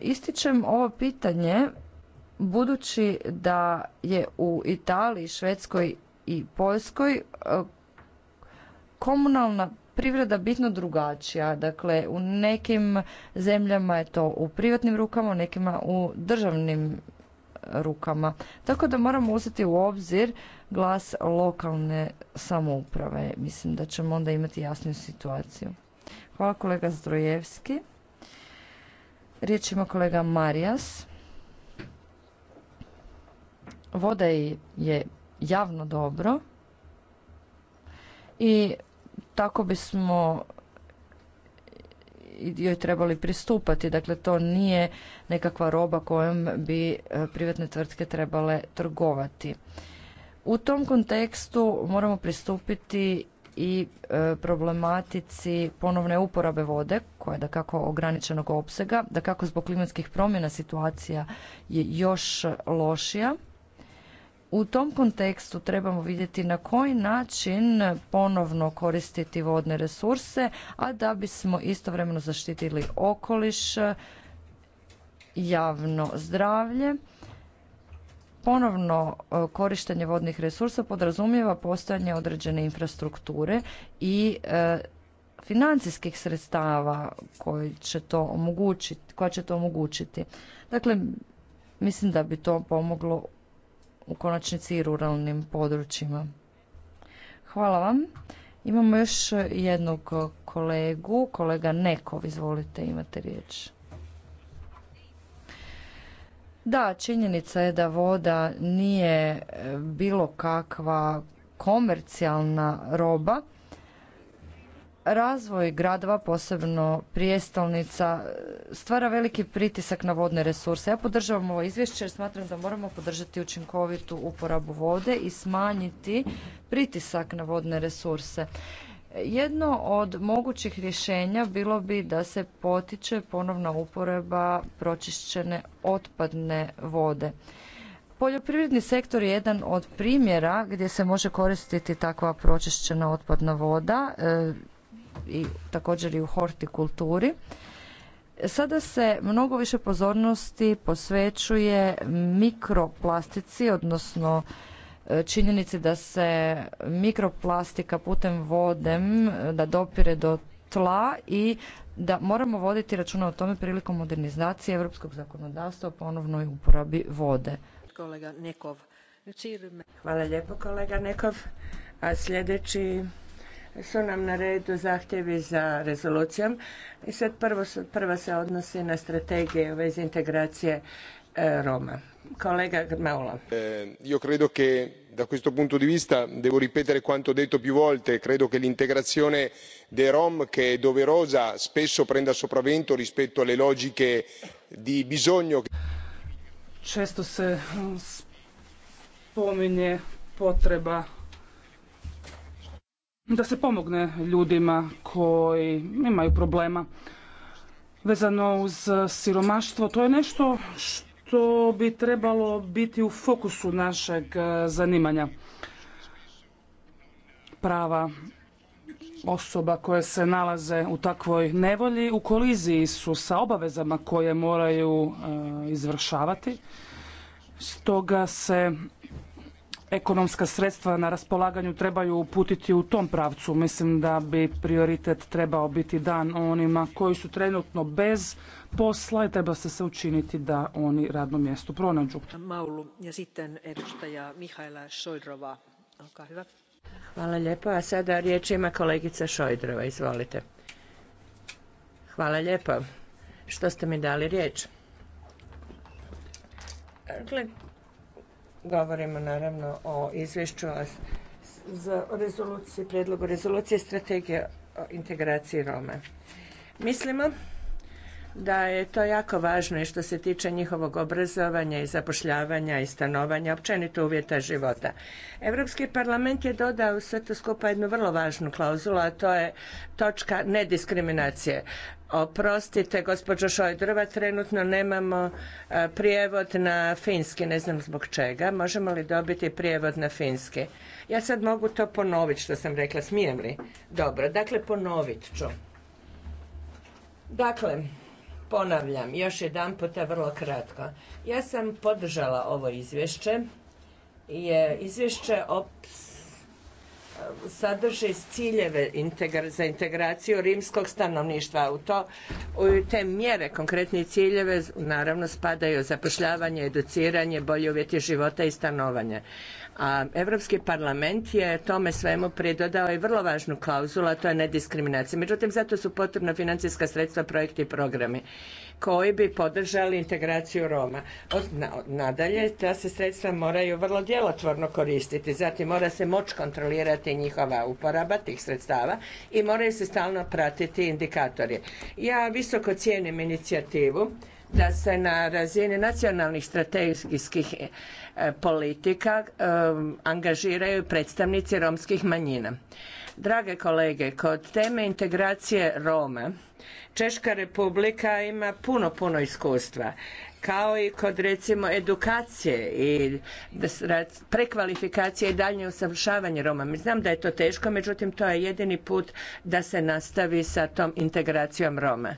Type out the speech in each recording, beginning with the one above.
Ističem ovo pitanje budući da je u Italiji, Švedskoj i Poljskoj e, komunalna privreda bitno drugačija. Dakle, u nekim zemljama je to u privatnim rukama, u nekima u državnim e, rukama. Tako da moramo uzeti u obzir glas lokalne samouprave. Mislim da ćemo onda imati jasnu situaciju. Hvala kolega Zdrojevski. Riječ ima kolega Marijas. Voda je javno dobro i tako bismo joj trebali pristupati. Dakle, to nije nekakva roba kojom bi e, privatne tvrtke trebale trgovati. U tom kontekstu moramo pristupiti i e, problematici ponovne uporabe vode koja je da kako ograničenog opsega, da kako zbog klimatskih promjena situacija je još lošija. U tom kontekstu trebamo vidjeti na koji način ponovno koristiti vodne resurse, a da bismo istovremeno zaštitili okoliš, javno zdravlje ponovno e, korištenje vodnih resursa podrazumijeva postojanje određene infrastrukture i e, financijskih sredstava koji će to omogućiti, koja će to omogućiti. Dakle, mislim da bi to pomoglo u konačnici i ruralnim područjima. Hvala vam. Imamo još jednog kolegu, kolega Nekov, izvolite, imate riječ. Da, činjenica je da voda nije e, bilo kakva komercijalna roba. Razvoj gradova, posebno prijestolnica, e, stvara veliki pritisak na vodne resurse. Ja podržavam ovo izvješće jer smatram da moramo podržati učinkovitu uporabu vode i smanjiti pritisak na vodne resurse. Jedno od mogućih rješenja bilo bi da se potiče ponovna uporaba pročišćene otpadne vode. Poljoprivredni sektor je jedan od primjera gdje se može koristiti takva pročišćena otpadna voda e, i također i u hortikulturi. Sada se mnogo više pozornosti posvećuje mikroplastici, odnosno činjenici da se mikroplastika putem vodem da dopire do tla i da moramo voditi računa o tome prilikom modernizacije europskog zakonodavstva o ponovnoj uporabi vode. Kolega Nekov. Hvala lijepo kolega Nekov. A sljedeći su nam na redu zahtjevi za rezolucijom. I sad prvo, prva se odnosi na strategije u vezi integracije Roma. Collega eh, io credo che da questo punto di vista devo ripetere quanto detto più volte credo che l'integrazione dei rom che è doverosa spesso prenda sopravvento rispetto alle logiche di bisogno. Često se mm, spominje potreba da se pomogne ljudima koji imaju problema vezano uz siromaštvo. To je nešto što to bi trebalo biti u fokusu našeg e, zanimanja. Prava osoba koje se nalaze u takvoj nevolji u koliziji su sa obavezama koje moraju e, izvršavati. Stoga se ekonomska sredstva na raspolaganju trebaju uputiti u tom pravcu. Mislim da bi prioritet trebao biti dan onima koji su trenutno bez posla i treba se se učiniti da oni radno mjesto pronađu. Hvala lijepa A sada riječ ima kolegica Šojdrova. Izvolite. Hvala lijepo što ste mi dali riječ. Dakle, Govorimo naravno o izvješću za rezoluciju, predlogu rezolucije strategije o integraciji Roma. Mislimo da je to jako važno i što se tiče njihovog obrazovanja i zapošljavanja i stanovanja, općenito uvjeta života. Europski parlament je dodao u sve to skupa jednu vrlo važnu klauzulu, a to je točka nediskriminacije. Oprostite, gospođo Šojdrova, trenutno nemamo e, prijevod na finski, ne znam zbog čega. Možemo li dobiti prijevod na finski? Ja sad mogu to ponoviti što sam rekla, smijem li? Dobro, dakle ponovit ću. Dakle, ponavljam još jedan puta vrlo kratko. Ja sam podržala ovo izvješće je izvješće sadrži ciljeve za integraciju rimskog stanovništva. U to, u te mjere, konkretne ciljeve, naravno spadaju zapošljavanje, educiranje, bolje uvjeti života i stanovanje. A Europski parlament je tome svemu pridodao i vrlo važnu klauzulu, a to je nediskriminacija. Međutim, zato su potrebna financijska sredstva, projekti i programi koji bi podržali integraciju Roma. nadalje, ta se sredstva moraju vrlo djelotvorno koristiti, zatim mora se moć kontrolirati njihova uporaba tih sredstava i moraju se stalno pratiti indikatori. Ja visoko cijenim inicijativu da se na razini nacionalnih strategijskih E, politika e, angažiraju predstavnici romskih manjina. Drage kolege, kod teme integracije Roma Češka republika ima puno, puno iskustva kao i kod recimo edukacije i prekvalifikacije i daljnje usavršavanje Roma. Mi znam da je to teško, međutim to je jedini put da se nastavi sa tom integracijom Roma.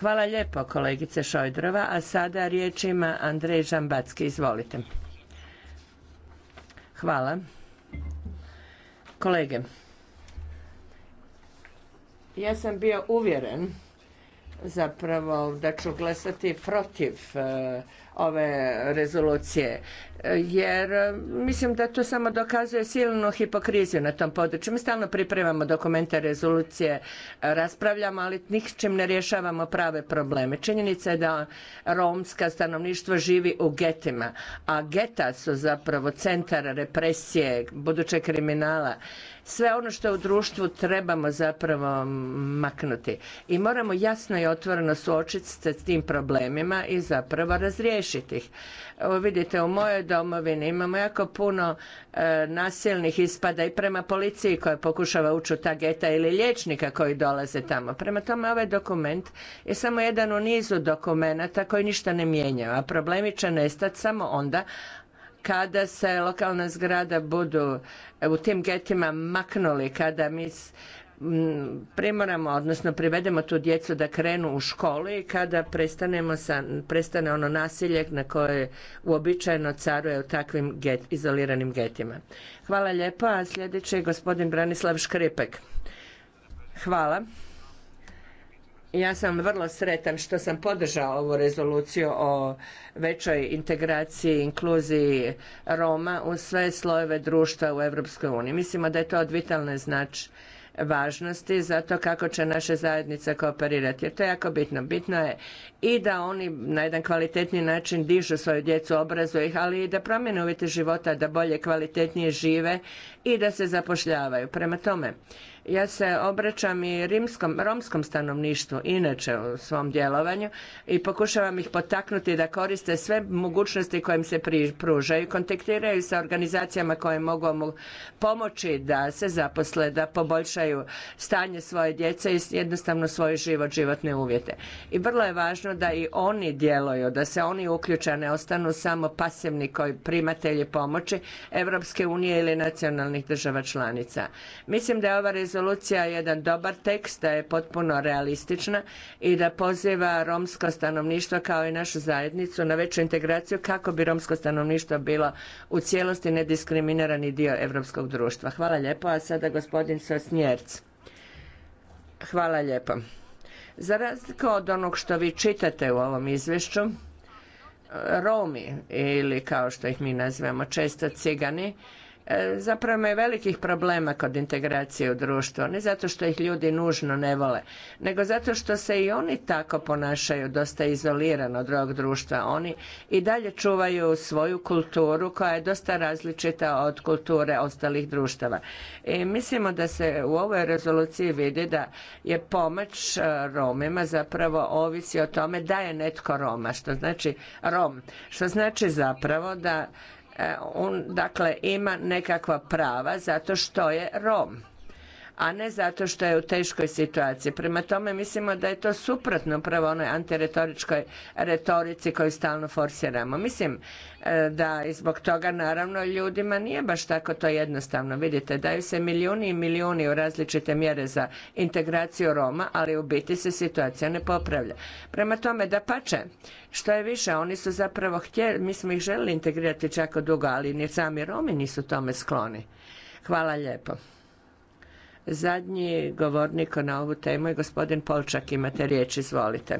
Hvala lijepo kolegice Šojdrova, a sada riječ ima Andrej Žambacki. Izvolite. Hvala. Kolege, ja sam bio uvjeren zapravo da ću glasati protiv e, ove rezolucije e, jer e, mislim da to samo dokazuje silnu hipokriziju na tom području. Mi stalno pripremamo dokumente, rezolucije, raspravljamo, ali ničim ne rješavamo prave probleme. Činjenica je da romska stanovništvo živi u getima, a geta su zapravo centar represije, budućeg kriminala sve ono što u društvu trebamo zapravo maknuti. I moramo jasno i otvoreno suočiti se s tim problemima i zapravo razriješiti ih. Evo vidite, u mojoj domovini imamo jako puno e, nasilnih ispada i prema policiji koja pokušava ući u ta geta ili liječnika koji dolaze tamo. Prema tome, ovaj dokument je samo jedan u nizu dokumenata koji ništa ne mijenja, a problemi će nestati samo onda kada se lokalna zgrada budu e, u tim getima maknuli, kada mi primoramo, odnosno privedemo tu djecu da krenu u školu i kada prestanemo sa, prestane ono nasilje na koje uobičajeno caruje u takvim get, izoliranim getima. Hvala lijepo, a sljedeći je gospodin Branislav Škripek. Hvala ja sam vrlo sretan što sam podržao ovu rezoluciju o većoj integraciji i inkluziji Roma u sve slojeve društva u Europskoj uniji. Mislimo da je to od vitalne znač važnosti za to kako će naše zajednice kooperirati. Jer to je jako bitno. Bitno je i da oni na jedan kvalitetni način dižu svoju djecu, obrazuju ih, ali i da promijene uvjete života, da bolje kvalitetnije žive i da se zapošljavaju. Prema tome, ja se obraćam i rimskom, romskom stanovništvu inače u svom djelovanju i pokušavam ih potaknuti da koriste sve mogućnosti koje im se pružaju, kontaktiraju sa organizacijama koje mogu pomoći da se zaposle, da poboljšaju stanje svoje djece i jednostavno svoj život, životne uvjete. I vrlo je važno da i oni djeluju, da se oni uključe, ne ostanu samo pasivni koji primatelji pomoći Europske unije ili nacionalnih država članica. Mislim da je ova rezolucija jedan dobar tekst, da je potpuno realistična i da poziva romsko stanovništvo kao i našu zajednicu na veću integraciju kako bi romsko stanovništvo bilo u cijelosti nediskriminirani dio europskog društva. Hvala lijepo, a sada gospodin Sosnjerc. Hvala lijepo. Za razliku od onog što vi čitate u ovom izvješću, Romi ili kao što ih mi nazivamo često cigani, E, zapravo imaju velikih problema kod integracije u društvo. Ne zato što ih ljudi nužno ne vole, nego zato što se i oni tako ponašaju dosta izolirano od drugog društva. Oni i dalje čuvaju svoju kulturu koja je dosta različita od kulture ostalih društava. I mislimo da se u ovoj rezoluciji vidi da je pomoć e, Romima zapravo ovisi o tome da je netko Roma, što znači Rom, što znači zapravo da E, on dakle ima nekakva prava zato što je Rom a ne zato što je u teškoj situaciji. Prema tome mislimo da je to suprotno upravo onoj antiretoričkoj retorici koju stalno forsiramo. Mislim e, da i zbog toga naravno ljudima nije baš tako to jednostavno. Vidite, daju se milijuni i milijuni u različite mjere za integraciju Roma, ali u biti se situacija ne popravlja. Prema tome da pače, što je više, oni su zapravo htjeli, mi smo ih želili integrirati čako dugo, ali ni sami Romi nisu tome skloni. Hvala lijepo. Zadnji govornik na ovu temu je gospodin Polčak. Imate riječ, izvolite.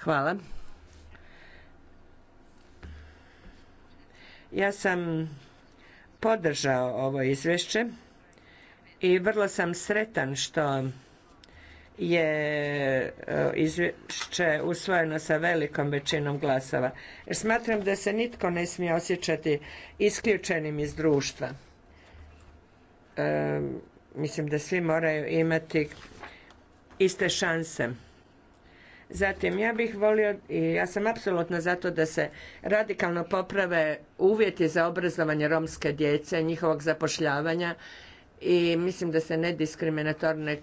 Hvala. Ja sam podržao ovo izvješće i vrlo sam sretan što je e, izvješće usvojeno sa velikom većinom glasova. Jer smatram da se nitko ne smije osjećati isključenim iz društva. E, mislim da svi moraju imati iste šanse. Zatim, ja bih volio i ja sam apsolutno zato da se radikalno poprave uvjeti za obrazovanje romske djece, njihovog zapošljavanja i mislim da se nediskriminatorne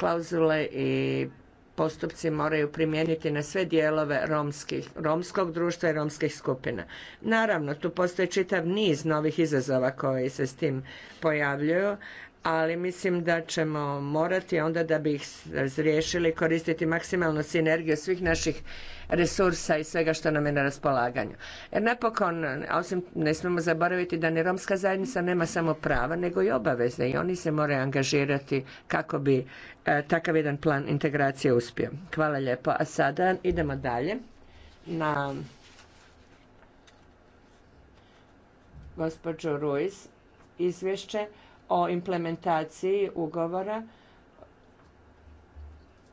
klauzule i postupci moraju primijeniti na sve dijelove romskih, romskog društva i romskih skupina. Naravno, tu postoji čitav niz novih izazova koji se s tim pojavljuju, ali mislim da ćemo morati onda da bi ih razriješili koristiti maksimalno sinergiju svih naših resursa i svega što nam je na raspolaganju. Jer napokon, osim ne smemo zaboraviti da ni romska zajednica nema samo prava, nego i obaveze i oni se moraju angažirati kako bi e, takav jedan plan integracije uspio. Hvala lijepo. A sada idemo dalje na gospođu Ruiz izvješće o implementaciji ugovora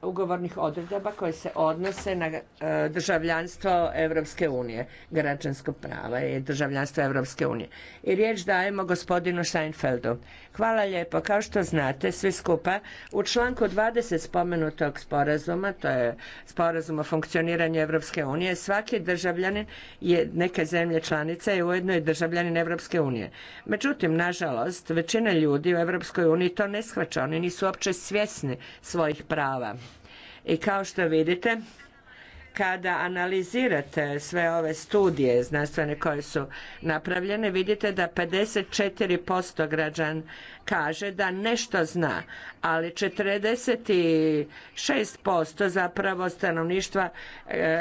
ugovornih odredaba koje se odnose na e, državljanstvo Europske unije, građansko prava i državljanstvo Europske unije. I riječ dajemo gospodinu Seinfeldu. Hvala lijepo. Kao što znate, svi skupa, u članku 20 spomenutog sporazuma, to je sporazum o funkcioniranju Europske unije, svaki državljanin je neke zemlje članice i ujedno je državljanin Europske unije. Međutim, nažalost, većina ljudi u Europskoj uniji to ne shvaća. Oni nisu uopće svjesni svojih prava i kao što vidite, kada analizirate sve ove studije znanstvene koje su napravljene, vidite da 54% građan kaže da nešto zna, ali 46% zapravo stanovništva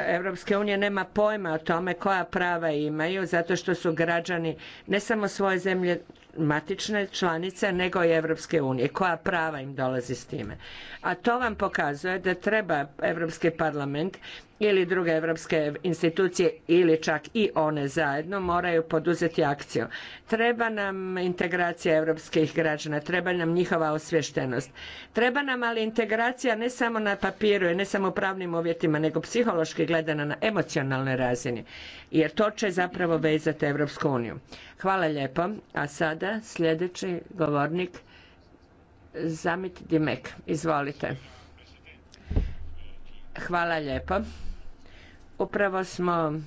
Europske unije nema pojma o tome koja prava imaju, zato što su građani ne samo svoje zemlje matične članice, nego i Europske unije. Koja prava im dolazi s time? A to vam pokazuje da treba Europski parlament ili druge europske institucije ili čak i one zajedno moraju poduzeti akciju. Treba nam integracija europskih građana, treba nam njihova osviještenost. Treba nam ali integracija ne samo na papiru i ne samo u pravnim uvjetima, nego psihološki gledana na emocionalnoj razini, jer to će zapravo vezati Evropsku uniju. Hvala lijepo. A sada sljedeći govornik Zamit Dimek. Izvolite. Hvala lijepo. Upravo smo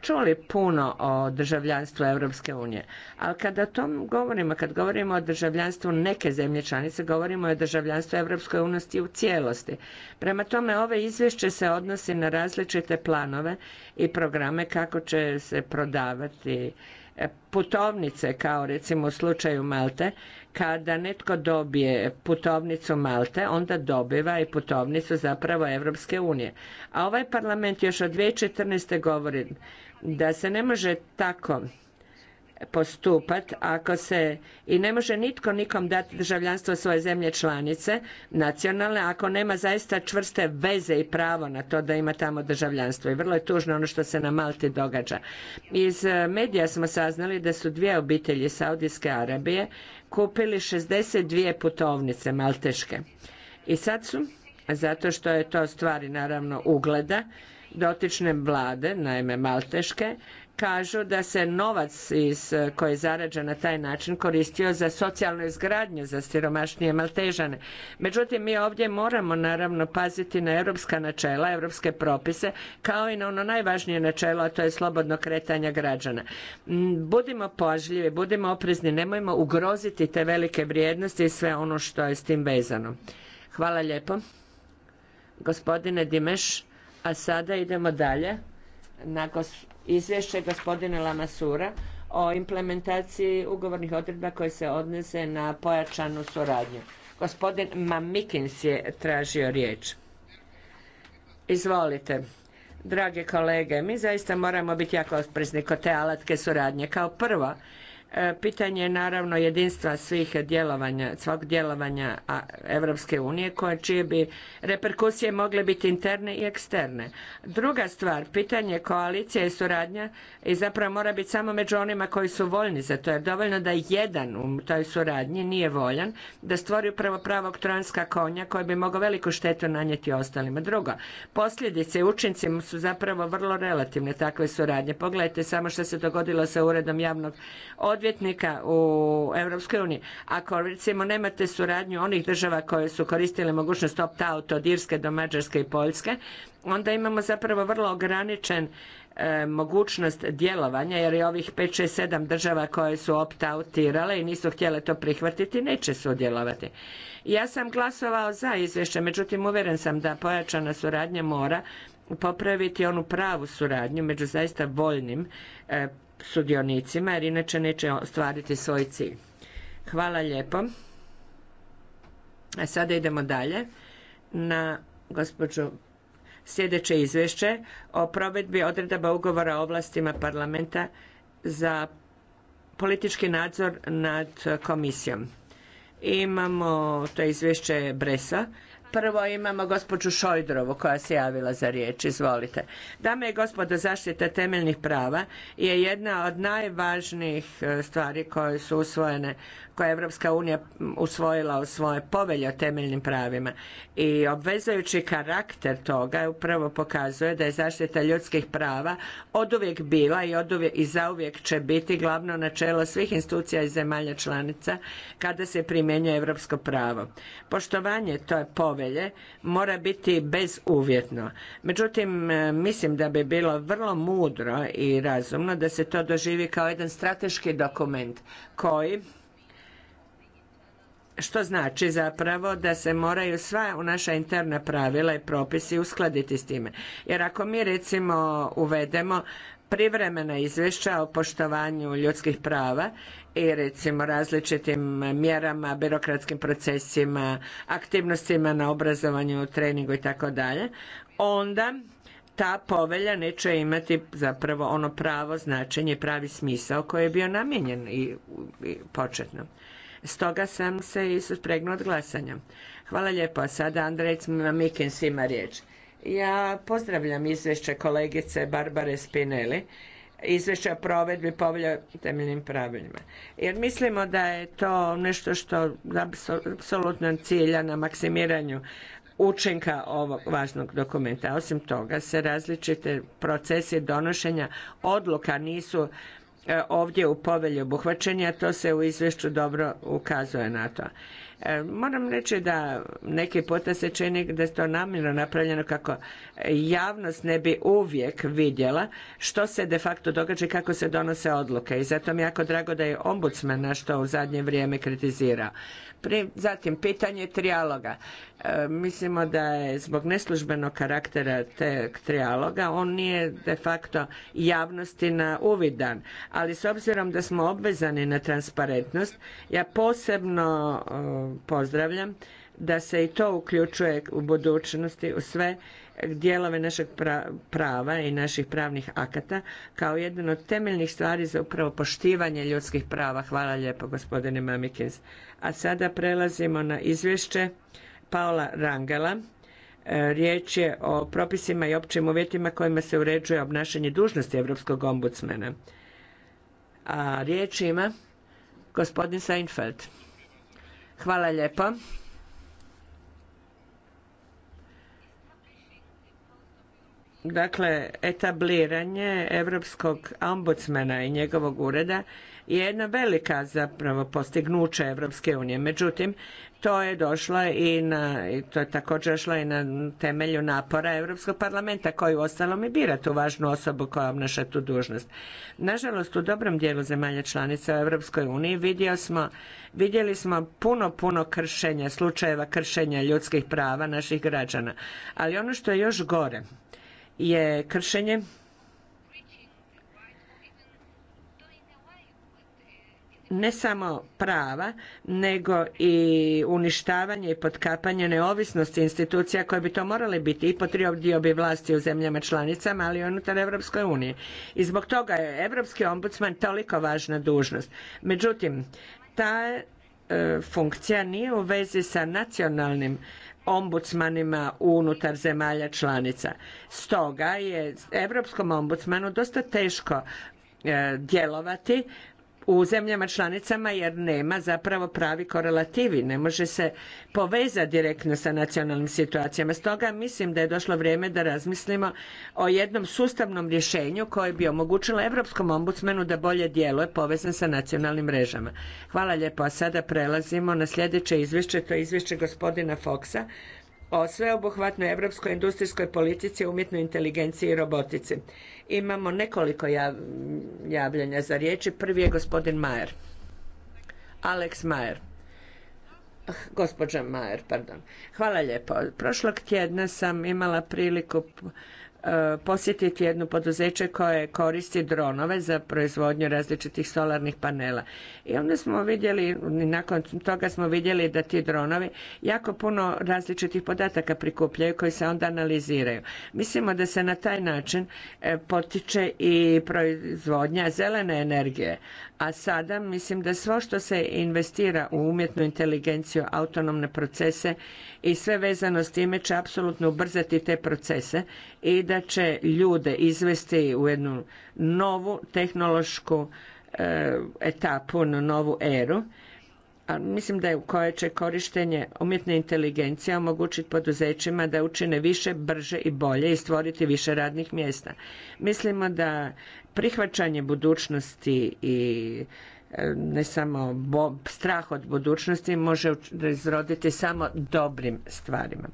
čuli puno o državljanstvu Europske unije, ali kada o tom govorimo, kad govorimo o državljanstvu neke zemlje članice, govorimo o državljanstvu Europskoj unosti u cijelosti. Prema tome, ove izvješće se odnosi na različite planove i programe kako će se prodavati E, putovnice kao recimo u slučaju Malte, kada netko dobije putovnicu Malte, onda dobiva i putovnicu zapravo Evropske unije. A ovaj parlament još od 2014. govori da se ne može tako postupat ako se i ne može nitko nikom dati državljanstvo svoje zemlje članice nacionalne ako nema zaista čvrste veze i pravo na to da ima tamo državljanstvo i vrlo je tužno ono što se na Malti događa. Iz e, medija smo saznali da su dvije obitelji Saudijske Arabije kupili 62 putovnice malteške i sad su zato što je to stvari naravno ugleda dotične vlade, naime malteške, kažu da se novac iz, eh, koji je na taj način koristio za socijalnu izgradnju za siromašnije maltežane. Međutim, mi ovdje moramo naravno paziti na europska načela, europske propise, kao i na ono najvažnije načelo, a to je slobodno kretanje građana. Mm, budimo pažljivi, budimo oprezni, nemojmo ugroziti te velike vrijednosti i sve ono što je s tim vezano. Hvala lijepo. Gospodine Dimeš, a sada idemo dalje na izvješće gospodina Lamasura o implementaciji ugovornih odredba koje se odnose na pojačanu suradnju. Gospodin Mamikins je tražio riječ. Izvolite. Drage kolege, mi zaista moramo biti jako osprezni kod te alatke suradnje. Kao prvo, E, pitanje je naravno jedinstva svih djelovanja, svog djelovanja Europske unije koje čije bi reperkusije mogle biti interne i eksterne. Druga stvar, pitanje koalicije i suradnja i zapravo mora biti samo među onima koji su voljni za to, jer dovoljno da jedan u toj suradnji nije voljan, da stvori upravo pravog tronska konja koji bi mogao veliku štetu nanijeti ostalima. Drugo, posljedice i učinci su zapravo vrlo relativne takve suradnje. Pogledajte samo što se dogodilo sa uredom javnog odvjetnika u Europskoj uniji. Ako recimo nemate suradnju onih država koje su koristile mogućnost opt-out od Irske do Mađarske i Poljske, onda imamo zapravo vrlo ograničen e, mogućnost djelovanja jer je ovih 5, 6, 7 država koje su opt-outirale i nisu htjele to prihvatiti neće sudjelovati. Ja sam glasovao za izvješće, međutim uvjeren sam da pojačana suradnja mora popraviti onu pravu suradnju među zaista voljnim e, sudionicima jer inače neće ostvariti svoj cilj. Hvala lijepo. A sada idemo dalje na gospođu sljedeće izvješće o provedbi odredaba ugovora o ovlastima parlamenta za politički nadzor nad komisijom. Imamo to izvješće Bresa Prvo imamo gospođu Šojdrovu koja se javila za riječ. Izvolite. Dame i gospodo, zaštita temeljnih prava je jedna od najvažnijih e, stvari koje su usvojene, koje je Evropska unija usvojila u svoje povelje o temeljnim pravima. I obvezajući karakter toga upravo pokazuje da je zaštita ljudskih prava oduvijek bila i, oduvijek, i zauvijek će biti glavno načelo svih institucija i zemalja članica kada se primjenjuje europsko pravo. Poštovanje to je povelje mora biti bezuvjetno. Međutim, e, mislim da bi bilo vrlo mudro i razumno da se to doživi kao jedan strateški dokument koji što znači zapravo da se moraju sva u naša interna pravila i propisi uskladiti s time. Jer ako mi recimo uvedemo privremena izvješća o poštovanju ljudskih prava i recimo različitim mjerama, birokratskim procesima, aktivnostima na obrazovanju, treningu i tako dalje, onda ta povelja neće imati zapravo ono pravo značenje, pravi smisao koji je bio namijenjen i, početno. Stoga sam se i suspregnuo od glasanja. Hvala lijepo. sada Andrej Mamikins ima riječ. Ja pozdravljam izvješće kolegice Barbare Spinelli, izvješće o provedbi povelja temeljnim pravilima. Jer mislimo da je to nešto što apsolutno cilja na maksimiranju učinka ovog važnog dokumenta. Osim toga se različite procese donošenja odluka nisu e, ovdje u povelju obuhvaćeni, a to se u izvješću dobro ukazuje na to. E, moram reći da neki puta se čini da je to namjerno napravljeno kako javnost ne bi uvijek vidjela što se de facto događa i kako se donose odluke. I zato mi je jako drago da je ombudsman na što u zadnje vrijeme kritizirao. Zatim, pitanje trijaloga. E, mislimo da je zbog neslužbenog karaktera te trijaloga on nije de facto javnosti na uvidan. Ali s obzirom da smo obvezani na transparentnost, ja posebno e, pozdravljam da se i to uključuje u budućnosti u sve dijelove našeg prava i naših pravnih akata kao jedan od temeljnih stvari za upravo poštivanje ljudskih prava. Hvala lijepo gospodine Mamikins. A sada prelazimo na izvješće Paola Rangela. E, riječ je o propisima i općim uvjetima kojima se uređuje obnašanje dužnosti Europskog ombudsmana. A riječ ima gospodin Seinfeld. Hvala lijepo. dakle etabliranje europskog ombudsmana i njegovog ureda je jedna velika zapravo postignuća Europske unije. Međutim, to je došlo i na, to je također došlo i na temelju napora Europskog parlamenta koji uostalom i bira tu važnu osobu koja obnaša tu dužnost. Nažalost, u dobrom dijelu zemalja članica u Europskoj uniji smo, vidjeli smo puno, puno kršenja, slučajeva kršenja ljudskih prava naših građana. Ali ono što je još gore, je kršenje ne samo prava nego i uništavanje i potkapanje neovisnosti institucija koje bi to morale biti i po dio bi vlasti u zemljama članicama ali i unutar Europskoj unije. I zbog toga je Europski ombudsman toliko važna dužnost. Međutim, ta e, funkcija nije u vezi sa nacionalnim ombudsmanima unutar zemalja članica. Stoga je europskom ombudsmanu dosta teško e, djelovati u zemljama članicama jer nema zapravo pravi korelativi, ne može se povezati direktno sa nacionalnim situacijama. Stoga mislim da je došlo vrijeme da razmislimo o jednom sustavnom rješenju koje bi omogućilo Europskom ombudsmenu da bolje djeluje povezan sa nacionalnim mrežama. Hvala lijepo, a sada prelazimo na sljedeće izvješće, to je izvješće gospodina Foxa o sveobuhvatnoj europskoj industrijskoj politici, umjetnoj inteligenciji i robotici. Imamo nekoliko javljanja za riječi. Prvi je gospodin Majer. Alex Majer. Ah, gospođa Majer, pardon. Hvala lijepo. Prošlog tjedna sam imala priliku posjetiti jedno poduzeće koje koristi dronove za proizvodnju različitih solarnih panela. I onda smo vidjeli, nakon toga smo vidjeli da ti dronovi jako puno različitih podataka prikupljaju koji se onda analiziraju. Mislimo da se na taj način e, potiče i proizvodnja zelene energije, a sada mislim da sve što se investira u umjetnu inteligenciju, autonomne procese i sve vezano s time će apsolutno ubrzati te procese i da će ljude izvesti u jednu novu tehnološku e, etapu, novu eru mislim da je u koje će korištenje umjetne inteligencije omogućiti poduzećima da učine više, brže i bolje i stvoriti više radnih mjesta. Mislimo da prihvaćanje budućnosti i e, ne samo strah od budućnosti može izroditi samo dobrim stvarima.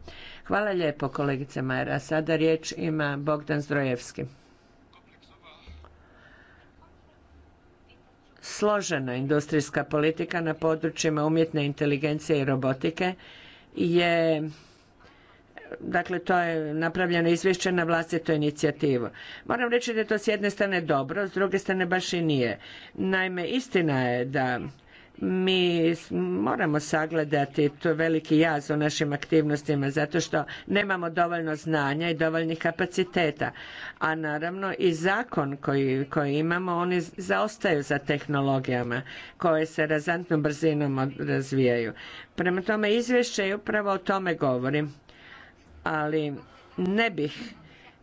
Hvala lijepo kolegice Majera. Sada riječ ima Bogdan Zdrojevski. složena industrijska politika na područjima umjetne inteligencije i robotike je dakle to je napravljeno izvješće na vlastitu inicijativu. Moram reći da je to s jedne strane dobro, s druge strane baš i nije. Naime, istina je da mi moramo sagledati to veliki jaz u našim aktivnostima zato što nemamo dovoljno znanja i dovoljnih kapaciteta. A naravno i zakon koji, imamo, oni zaostaju za tehnologijama koje se razantnom brzinom razvijaju. Prema tome izvješće i upravo o tome govori. Ali ne bih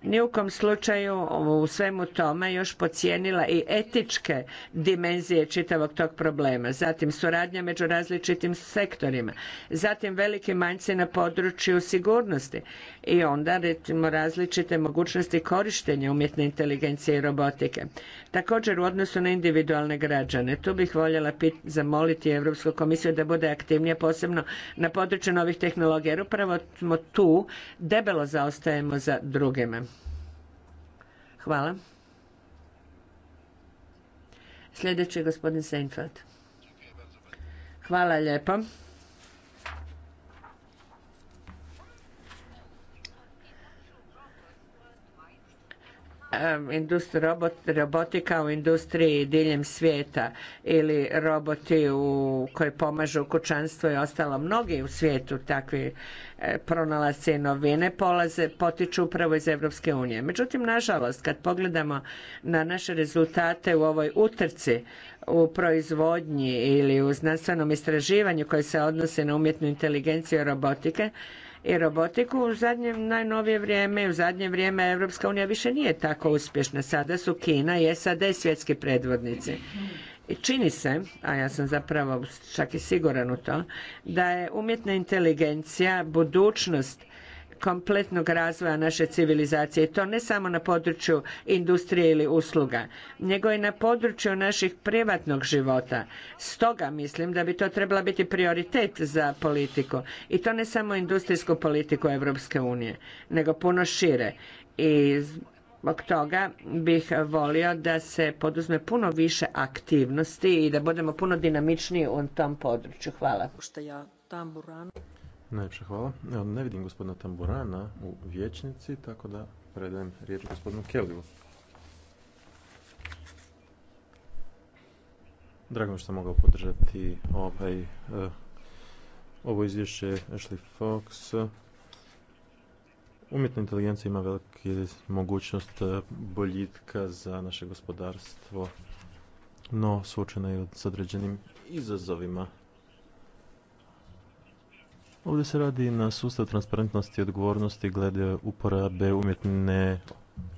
ni u kom slučaju u svemu tome još pocijenila i etičke dimenzije čitavog tog problema. Zatim suradnja među različitim sektorima. Zatim veliki manjci na području sigurnosti i onda recimo različite mogućnosti korištenja umjetne inteligencije i robotike. Također u odnosu na individualne građane. Tu bih voljela zamoliti Europsku komisiju da bude aktivnija posebno na području novih tehnologija jer upravo smo tu debelo zaostajemo za drugima. Hvala. Sljedeći je gospodin Seinfeld. Hvala lijepo. robotika u industriji diljem svijeta ili roboti u, koji pomažu kućanstvu i ostalo. Mnogi u svijetu takvi e, pronalasci i novine polaze, potiču upravo iz Europske unije. Međutim, nažalost, kad pogledamo na naše rezultate u ovoj utrci u proizvodnji ili u znanstvenom istraživanju koje se odnose na umjetnu inteligenciju i robotike, i robotiku u zadnje najnovije vrijeme i u zadnje vrijeme Europska unija više nije tako uspješna. Sada su Kina i SAD svjetski predvodnici. I čini se, a ja sam zapravo čak i siguran u to, da je umjetna inteligencija budućnost kompletnog razvoja naše civilizacije i to ne samo na području industrije ili usluga, nego i na području naših privatnog života. Stoga mislim da bi to trebala biti prioritet za politiku i to ne samo industrijsku politiku Europske unije, nego puno šire. I Zbog toga bih volio da se poduzme puno više aktivnosti i da budemo puno dinamičniji u tom području. Hvala. Najljepša hvala. ne vidim gospodina Tamburana u vječnici, tako da predajem riječ gospodinu Kelivu. Drago mi što sam mogao podržati ovaj, eh, ovo izvješće Ashley Fox. Umjetna inteligencija ima velike mogućnost eh, boljitka za naše gospodarstvo, no suočena je s određenim izazovima Ovdje se radi na sustav transparentnosti i odgovornosti glede uporabe umjetne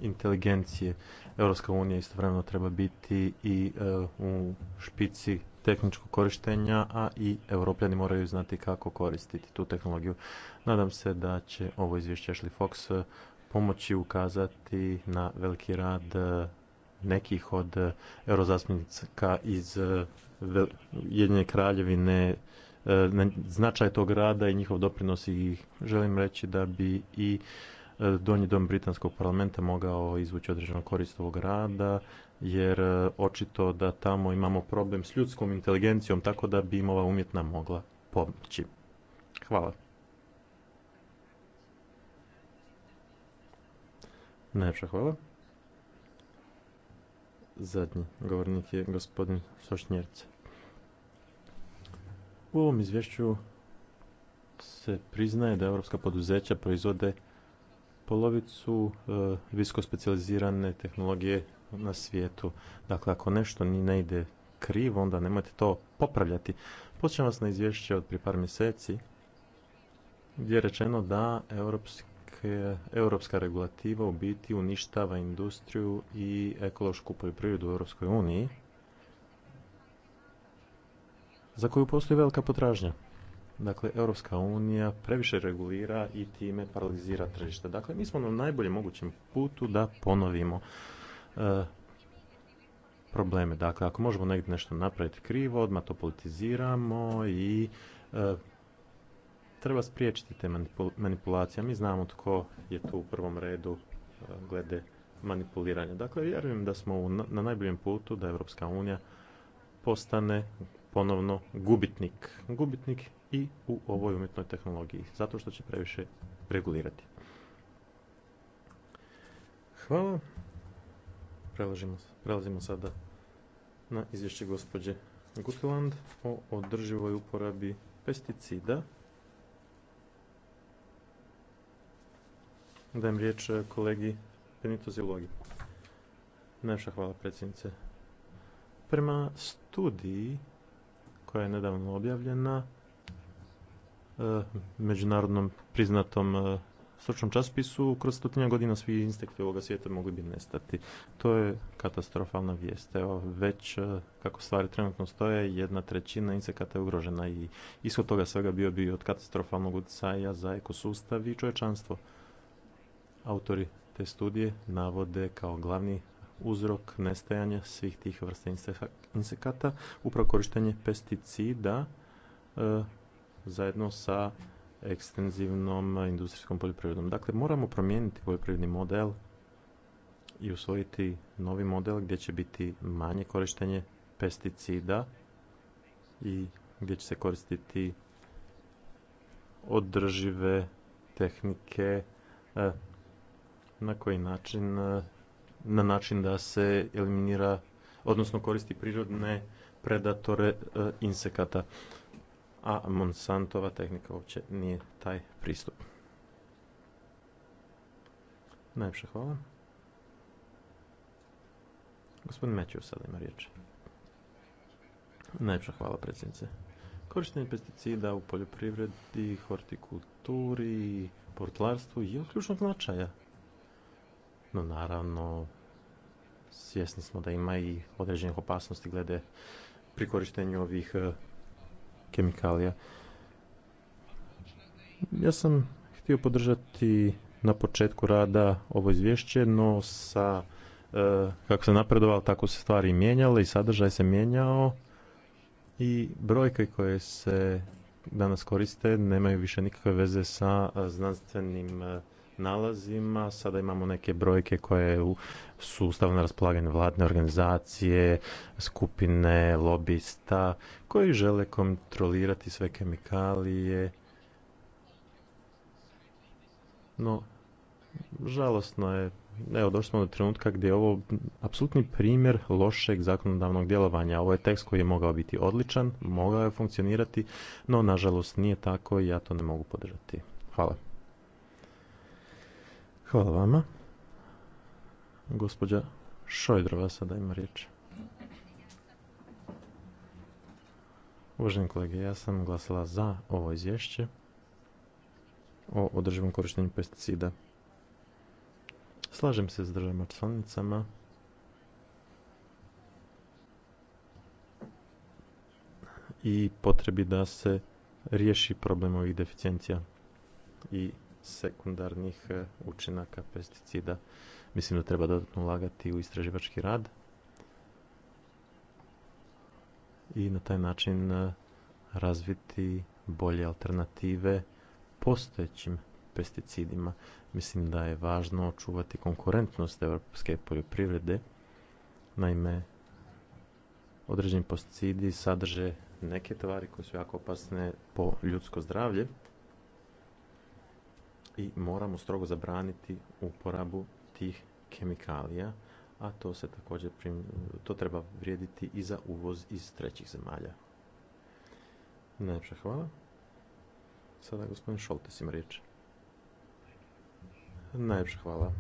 inteligencije. Europska unija istovremeno treba biti i e, u špici tehničkog korištenja, a i europljani moraju znati kako koristiti tu tehnologiju. Nadam se da će ovo izvješće Ashley Fox pomoći ukazati na veliki rad e, nekih od eurozastupnika iz e, Jedine kraljevine E, značaj tog rada i njihov doprinos i želim reći da bi i e, Donji dom Britanskog parlamenta mogao izvući određeno korist ovog rada, jer e, očito da tamo imamo problem s ljudskom inteligencijom, tako da bi im ova umjetna mogla pomoći. Hvala. Najljepša hvala. Zadnji govornik je gospodin Sošnjerce. U ovom izvješću se priznaje da europska poduzeća proizvode polovicu e, visoko tehnologije na svijetu. Dakle, ako nešto ni ne ide krivo, onda nemojte to popravljati. Počnem vas na izvješće od prije par mjeseci gdje je rečeno da europska regulativa u biti uništava industriju i ekološku poljoprivredu u EU. uniji za koju postoji velika potražnja. Dakle, Europska unija previše regulira i time paralizira tržište. Dakle, mi smo na najboljem mogućem putu da ponovimo e, probleme. Dakle, ako možemo negdje nešto napraviti krivo, odmah to politiziramo i e, treba spriječiti te manipulacije. Mi znamo tko je tu u prvom redu e, glede manipuliranja. Dakle, vjerujem da smo na najboljem putu da Europska unija postane ponovno gubitnik. Gubitnik i u ovoj umjetnoj tehnologiji, zato što će previše regulirati. Hvala. prelazimo sada na izvješće gospođe Gutland o održivoj uporabi pesticida. Dajem riječ eh, kolegi Benito Naša hvala predsjednice. Prema studiji koja je nedavno objavljena e, međunarodnom priznatom e, stručnom časopisu, kroz stotinja godina svi insekti ovoga svijeta mogli bi nestati. To je katastrofalna vijest. Evo, već e, kako stvari trenutno stoje, jedna trećina insekata je ugrožena i ishod toga svega bio bi od katastrofalnog utjecaja za ekosustav i čovječanstvo. Autori te studije navode kao glavni uzrok nestajanja svih tih vrsta insekata, upravo korištenje pesticida e, zajedno sa ekstenzivnom industrijskom poljoprivredom. Dakle, moramo promijeniti poljoprivredni model i usvojiti novi model gdje će biti manje korištenje pesticida i gdje će se koristiti održive tehnike e, na koji način e, na način da se eliminira, odnosno koristi prirodne predatore e, insekata. A Monsantova tehnika uopće nije taj pristup. Najljepša hvala. Gospodin Mećev sada ima riječ. Najljepša hvala predsjednice. Korištenje pesticida u poljoprivredi, hortikulturi, portlarstvu je od ključnog značaja no naravno, svjesni smo da ima i određenih opasnosti glede pri korištenju ovih e, kemikalija. Ja sam htio podržati na početku rada ovo izvješće, no sa e, kako se napredovalo, tako se stvari mijenjale i sadržaj se mijenjao i brojke koje se danas koriste nemaju više nikakve veze sa e, znanstvenim nalazima. Sada imamo neke brojke koje su ustavno na raspolaganju vladne organizacije, skupine, lobista koji žele kontrolirati sve kemikalije. No, žalosno je evo došli smo do trenutka gdje je ovo apsolutni primjer lošeg zakonodavnog djelovanja. Ovo je tekst koji je mogao biti odličan, mogao je funkcionirati, no nažalost nije tako i ja to ne mogu podržati. Hvala. Hvala vama. Gospođa Šojdrova sada ima riječ. Uvaženi kolege, ja sam glasala za ovo izvješće o održivom korištenju pesticida. Slažem se s državama članicama i potrebi da se riješi problem ovih deficijencija i sekundarnih eh, učinaka pesticida. Mislim da treba dodatno ulagati u istraživački rad i na taj način eh, razviti bolje alternative postojećim pesticidima. Mislim da je važno očuvati konkurentnost europske poljoprivrede. Naime, određeni pesticidi sadrže neke tvari koje su jako opasne po ljudsko zdravlje i moramo strogo zabraniti uporabu tih kemikalija, a to se također to treba vrijediti i za uvoz iz trećih zemalja. Najljepša hvala. Sada gospodin Šoltes ima riječ. Najljepša hvala.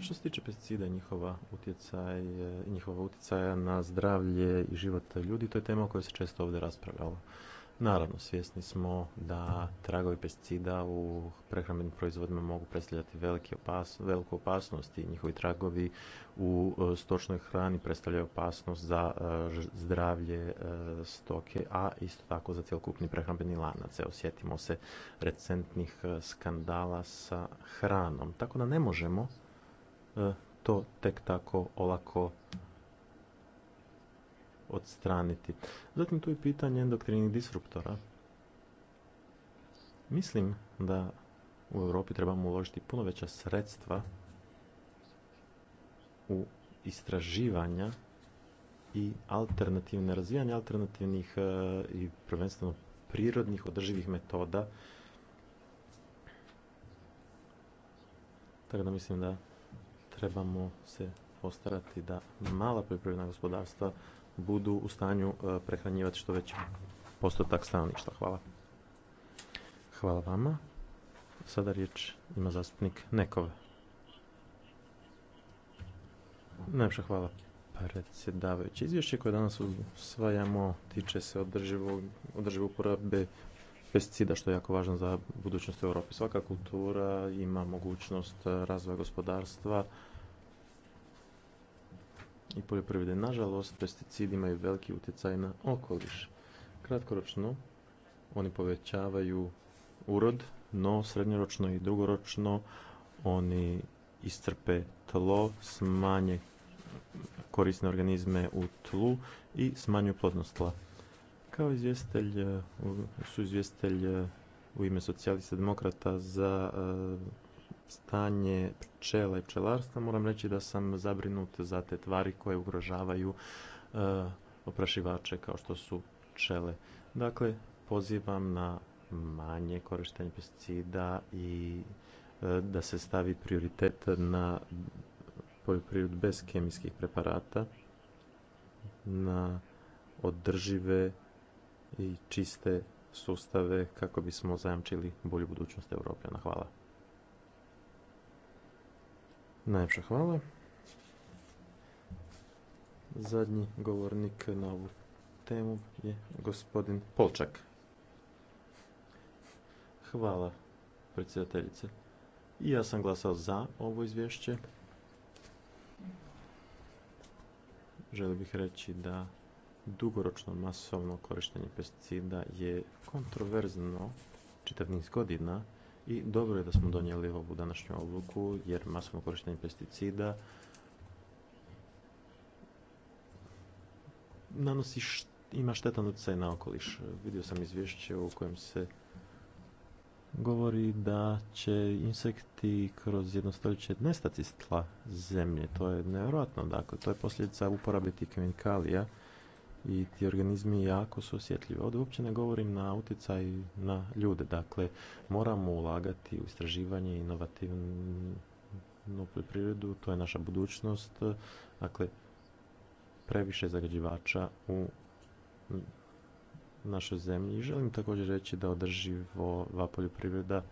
Što se tiče pesticida i njihova njihova utjecaja na zdravlje i život ljudi, to je tema o kojoj se često ovdje raspravljalo. Naravno, svjesni smo da tragovi pesticida u prehrambenim proizvodima mogu predstavljati veliki opas, veliku opasnost i njihovi tragovi u e, stočnoj hrani predstavljaju opasnost za e, zdravlje e, stoke, a isto tako za cjelokupni prehrambeni lanac. Evo, sjetimo se recentnih skandala sa hranom. Tako da ne možemo to tek tako olako odstraniti. Zatim tu je pitanje endokrinih disruptora. Mislim da u Europi trebamo uložiti puno veća sredstva u istraživanja i alternativne razvijanje alternativnih e, i prvenstveno prirodnih održivih metoda. Tako da mislim da trebamo se postarati da mala poljoprivredna gospodarstva budu u stanju e, prehranjivati što veći postotak stanovništva. Hvala. Hvala vama. Sada riječ ima zastupnik Nekove. Najpša hvala predsjedavajući. Izvješće koje danas usvajamo tiče se održivu uporabe pesticida što je jako važno za budućnost Europe. Svaka kultura ima mogućnost razvoja gospodarstva, i poljoprivrede. Nažalost, pesticidi imaju veliki utjecaj na okoliš. Kratkoročno oni povećavaju urod, no srednjoročno i dugoročno oni istrpe tlo, smanje korisne organizme u tlu i smanju plodnost tla. Kao izvjestelj, su izvjestelj u ime socijalista demokrata za stanje pčela i pčelarstva moram reći da sam zabrinut za te tvari koje ugrožavaju e, oprašivače kao što su pčele. Dakle, pozivam na manje korištenje pesticida i e, da se stavi prioritet na poljoprivredu bez kemijskih preparata, na održive i čiste sustave kako bismo zajamčili bolju budućnost Europljana. Hvala. Najljepša hvala. Zadnji govornik na ovu temu je gospodin Polčak. Hvala, predsjedateljice. I ja sam glasao za ovo izvješće. Želio bih reći da dugoročno masovno korištenje pesticida je kontroverzno čitav niz godina i dobro je da smo donijeli ovu današnju odluku jer masno korištenje pesticida nanosi ima štetan utjecaj na okoliš. Vidio sam izvješće u kojem se govori da će insekti kroz jedno stoljeće nestati s tla zemlje. To je nevjerojatno, dakle, to je posljedica uporabe tih kemikalija i ti organizmi jako su osjetljivi. Ovdje uopće ne govorim na utjecaj na ljude, dakle moramo ulagati u istraživanje inovativnu poljoprivredu, to je naša budućnost, dakle previše zagađivača u našoj zemlji. I želim također reći da održivova poljoprivreda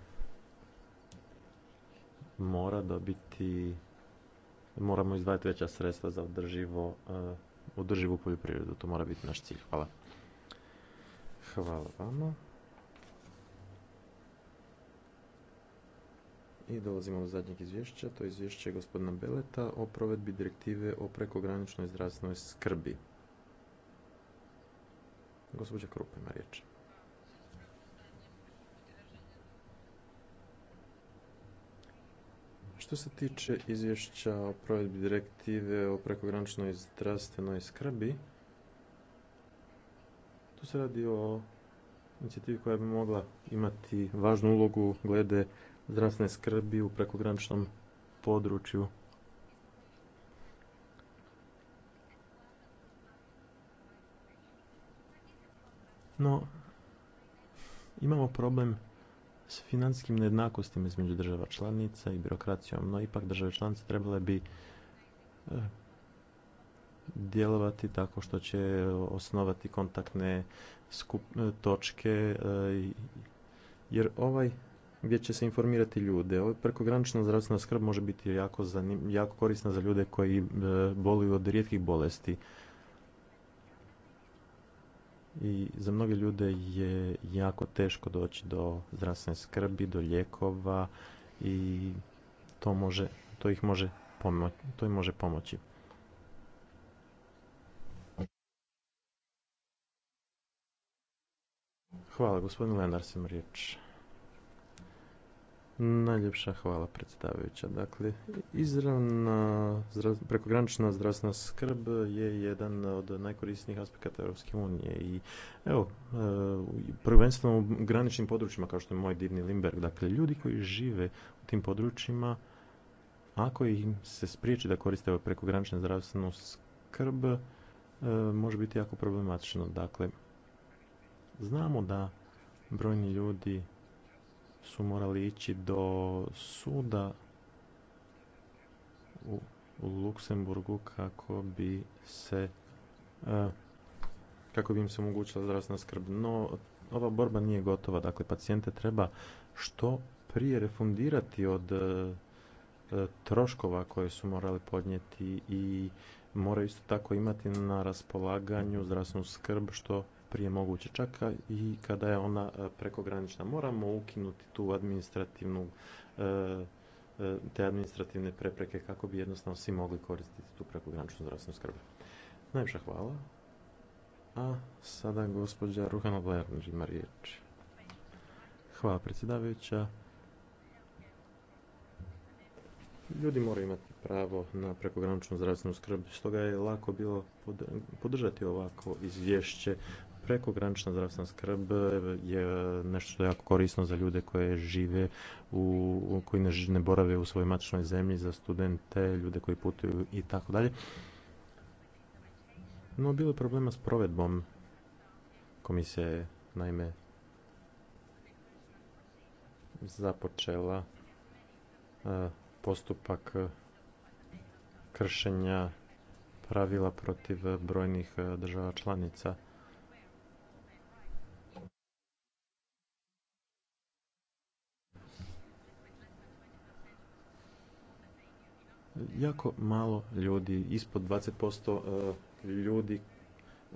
mora dobiti, moramo izdvajati veća sredstva za održivo održivu poljoprivredu. To mora biti naš cilj. Hvala. Hvala vama. I dolazimo do zadnjeg izvješća. To je izvješće gospodina Beleta o provedbi direktive o prekograničnoj zdravstvenoj skrbi. Gospođa Krupa ima riječ. Što se tiče izvješća o provedbi direktive o prekograničnoj zdravstvenoj skrbi, tu se radi o inicijativi koja bi mogla imati važnu ulogu glede zdravstvene skrbi u prekograničnom području. No, imamo problem s financijskim nejednakostima između država članica i birokracijom, no ipak države članice trebale bi eh, djelovati tako što će osnovati kontaktne eh, točke eh, jer ovaj gdje će se informirati ljude. Ovo ovaj prekogranična zdravstvena skrb može biti jako, jako korisna za ljude koji boluju od rijetkih bolesti i za mnoge ljude je jako teško doći do zdravstvene skrbi, do lijekova i to, može, to ih može pomoći, to im može pomoći. Hvala, gospodin Lenar sam Najljepša hvala predstavajuća. Dakle, izravna prekogranična zdravstvena skrb je jedan od najkorisnijih aspekata Europske unije i evo, e, prvenstveno u graničnim područjima kao što je moj divni Limberg. Dakle, ljudi koji žive u tim područjima, ako im se spriječi da koriste prekograničnu zdravstvenu skrb, e, može biti jako problematično. Dakle, znamo da brojni ljudi su morali ići do suda u, Luksemburgu kako bi se e, kako bi im se omogućila zdravstvena skrb. No, ova borba nije gotova. Dakle, pacijente treba što prije refundirati od e, e, troškova koje su morali podnijeti i moraju isto tako imati na raspolaganju zdravstvenu skrb što prije moguće, čak i kada je ona e, prekogranična. Moramo ukinuti tu administrativnu e, e, te administrativne prepreke kako bi jednostavno svi mogli koristiti tu prekograničnu zdravstvenu skrb. Najviše hvala. A sada gospođa Ruhana Blerner ima riječ. Hvala predsjedavajuća. Ljudi moraju imati pravo na prekograničnu zdravstvenu skrb, stoga je lako bilo podržati ovako izvješće prekogranična zdravstvena skrb je nešto što je jako korisno za ljude koje žive u, koji ne, ne borave u svojoj matičnoj zemlji, za studente, ljude koji putuju i tako dalje. No, bilo je problema s provedbom. komisije je, naime, započela e, postupak kršenja pravila protiv brojnih e, država članica jako malo ljudi, ispod 20% e, ljudi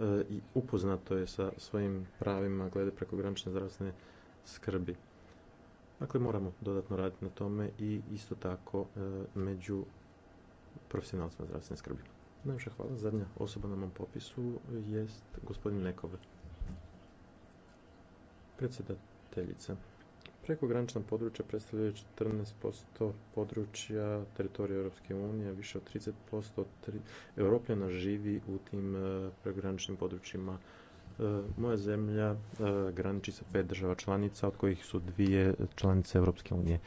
e, upoznato je sa svojim pravima glede prekogranične zdravstvene skrbi. Dakle, moramo dodatno raditi na tome i isto tako e, među profesionalcima zdravstvene skrbi. Najviše hvala. Zadnja osoba na mom popisu jest gospodin Nekove, Predsjedateljica. Prekogranična područja predstavljaju 14% područja teritorija Europske unije, a više od 30% europljana živi u tim e, prekograničnim područjima. E, moja zemlja e, graniči sa pet država članica, od kojih su dvije članice Europske unije.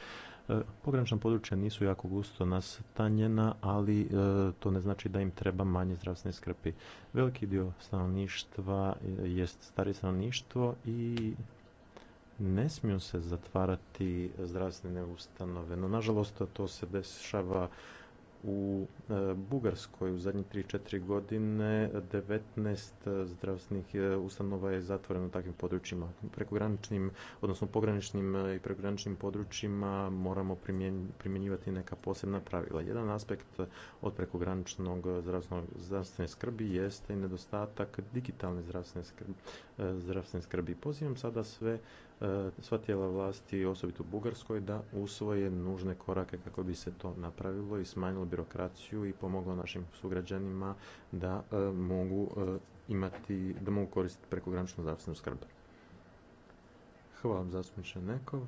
Pogranična područja nisu jako gusto nastanjena, ali to ne znači da im treba manje zdravstvene skrbi. Veliki dio stanovništva jest stari stanovništvo i ne smiju se zatvarati zdravstvene ustanove no nažalost to se dešava u e, Bugarskoj u zadnje 3-4 godine 19 zdravstvenih e, ustanova je zatvoreno u takvim područjima. Prekograničnim, odnosno pograničnim e, i prekograničnim područjima moramo primjenjivati neka posebna pravila. Jedan aspekt od prekograničnog zdravstvene skrbi jeste i nedostatak digitalne zdravstvene skrbi. Pozivam sada sve E, sva tijela vlasti, osobito u Bugarskoj, da usvoje nužne korake kako bi se to napravilo i smanjilo birokraciju i pomoglo našim sugrađanima da e, mogu e, imati, da mogu koristiti prekograničnu zdravstvenu skrb. Hvala vam zastupniče Nekov.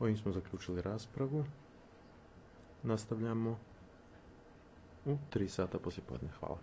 Ovim smo zaključili raspravu. Nastavljamo u tri sata poslijepodne. Hvala.